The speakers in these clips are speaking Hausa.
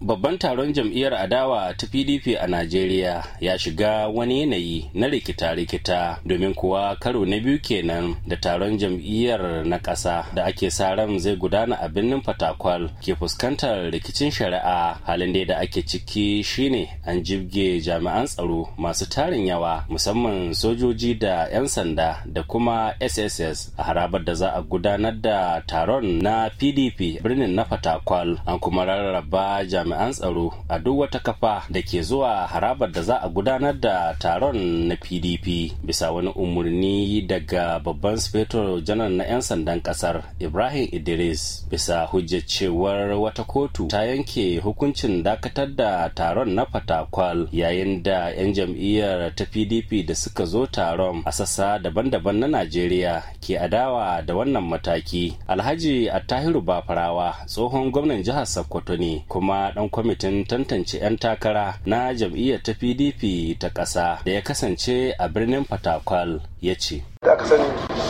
Babban taron jam'iyyar adawa ta PDP a Najeriya ya shiga wani yanayi na rikita-rikita domin kuwa karo na biyu kenan da taron jam'iyyar na ƙasa da ake sa ran zai gudana a birnin Fatakwal ke fuskantar rikicin shari'a halin da ake ciki shine an jibge jami'an tsaro masu tarin yawa musamman sojoji da 'yan sanda da kuma SSS a harabar da za a gudanar da taron na PDP birnin na Fatakwal an kuma rarraba jami'an jami'an tsaro a duk wata kafa da ke zuwa harabar da za a gudanar da taron na pdp bisa wani umarni daga babban sufeto janar na 'yan sandan kasar ibrahim idris bisa hujjar cewar wata kotu ta yanke hukuncin dakatar da taron na fatakwal yayin da 'yan jam'iyyar ta pdp da suka zo taron a sassa daban-daban na najeriya ke adawa da wannan mataki alhaji attahiru bafarawa tsohon gwamnan jihar sokoto ne kuma kudaden kwamitin tantance 'yan takara na jam'iyyar ta pdp ta ƙasa da ya kasance a birnin fatakwal ya ce da aka sani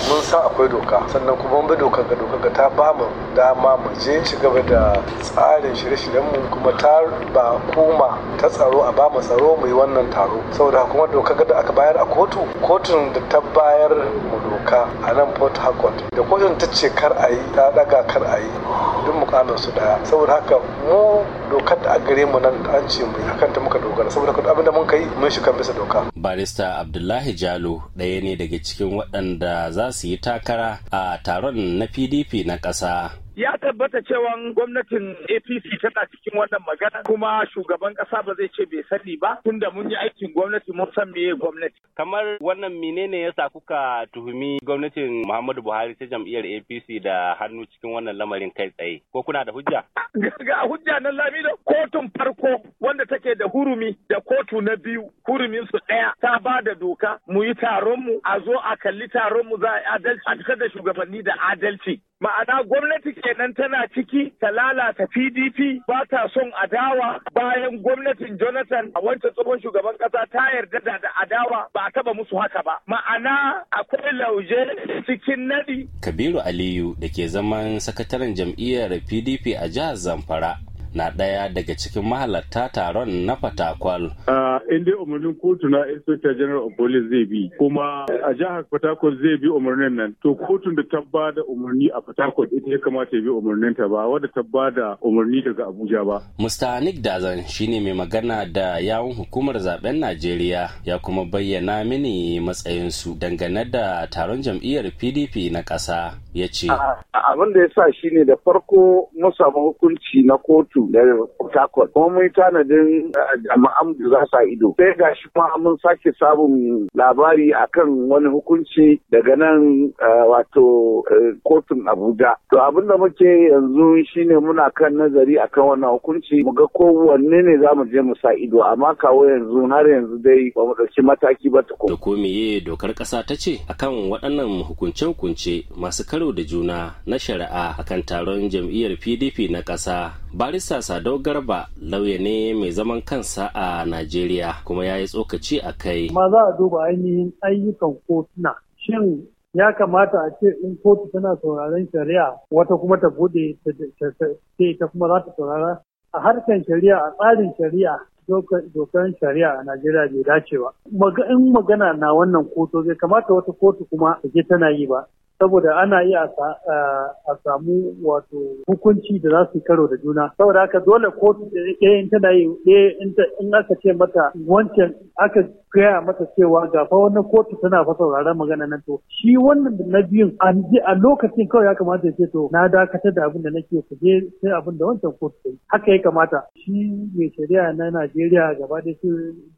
mun san akwai doka sannan kuma mun bi dokar ga dokar ga ta ba mu dama mu je ci gaba da tsarin shirye-shiryen mu kuma ta ba koma ta tsaro a ba mu tsaro mu yi wannan taro saboda kuma dokar ga da aka bayar a kotu kotun da ta bayar mu doka a nan Port Harcourt da kotun ta ce kar a yi ta daga kar a yi duk mukamin su daya saboda haka mu dokar da a gare mu nan an ce mu akan ta muka dogara saboda abin da mun kai mun shi kan bisa doka barista abdullahi jalo ɗaya ne daga cikin waɗanda za su yi takara a taron na pdp na ƙasa ya tabbata cewa gwamnatin APC tana cikin wannan magana kuma shugaban kasa ba zai ce bai sani ba tunda mun yi aikin gwamnati mun san meye gwamnati. Kamar wannan menene yasa kuka tuhumi gwamnatin Muhammadu Buhari ta jam'iyyar APC da hannu cikin wannan lamarin kai tsaye ko kuna da hujja? Ga hujja na Lamido kotun farko wanda take da hurumi da kotu na biyu hurumin su ɗaya ta ba da doka mu yi taron mu a zo a kalli taron mu za a adalci a da shugabanni da adalci Ma'ana gwamnati kenan tana ciki ta lalata PDP ba ta son adawa bayan gwamnatin Jonathan a wancan tsohon shugaban kasa ta yarda da adawa ba a taba musu haka ba. Ma'ana akwai lauje cikin nadi. Kabiru Aliyu da ke zaman sakataren jam'iyyar PDP a jihar Zamfara na ɗaya daga cikin mahalarta taron na fatakwal. in dai umarnin kotu na inspector general of police zai bi kuma a jihar fatakwal zai bi umarnin nan to kotun da ta ba da umarni a fatakwal ita ya kamata ya bi umarnin ta ba wadda ta ba da umarni daga abuja ba. mr nick dazan shine mai magana da yawun hukumar zaben najeriya ya kuma bayyana mini matsayin su, dangane da taron jam'iyyar pdp na ƙasa ya ce. abin da ya sa shine da farko mun samu hukunci na kotu su da kuma mun yi tanadin eh, jama'an da za sa ido sai ga shi kuma mun sake samun labari akan wani hukunci daga nan eh, wato eh, kotun Abuja to abin da muke yanzu shine muna kan nazari akan wannan hukunci mu ga kowanne ne za mu je mu sa ido amma kawo yanzu har yanzu dai ba mu ɗauki mataki ba tukun. Da ko meye dokar ƙasa ta ce akan waɗannan hukunce-hukunce masu karo da juna na shari'a akan taron jam'iyyar PDP na ƙasa barista sadau garba lauya ne mai zaman kansa a najeriya kuma ya yi tsokaci a kai ma za a duba ainihin ayyukan kotuna shin ya kamata a ce in kotu tana sauraron shari'a wata kuma ta bude ta kuma za ta saurara a harkan shari'a a tsarin shari'a dokan shari'a a Najeriya bai dace ba. In magana na wannan kotu zai kamata wata kotu kuma ta je tana yi ba. saboda ana yi a samu wato hukunci da za su karo da juna saboda haka dole kotu ɗaya in tana yi ɗaya in aka ce mata wancan aka gaya masa cewa ga fa wannan kotu tana fa sauraron magana nan to shi wannan na biyun a lokacin kawai ya kamata ya ce to na dakatar da abin da nake ku je sai abin da wancan kotu ta yi haka ya kamata shi mai shari'a na Najeriya gaba da shi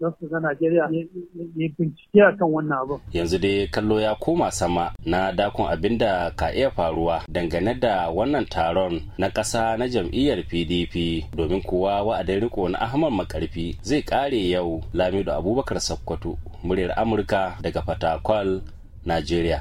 su na Najeriya ya bincike kan wannan abin yanzu dai kallo ya koma sama na dakon abin da ka iya faruwa dangane da wannan taron na ƙasa na jam'iyyar PDP domin kowa wa'adin riko na Ahmad Makarfi zai ƙare yau Lamido Abubakar Sako Sokoto, muryar Amurka daga Fatakwal, Najeriya.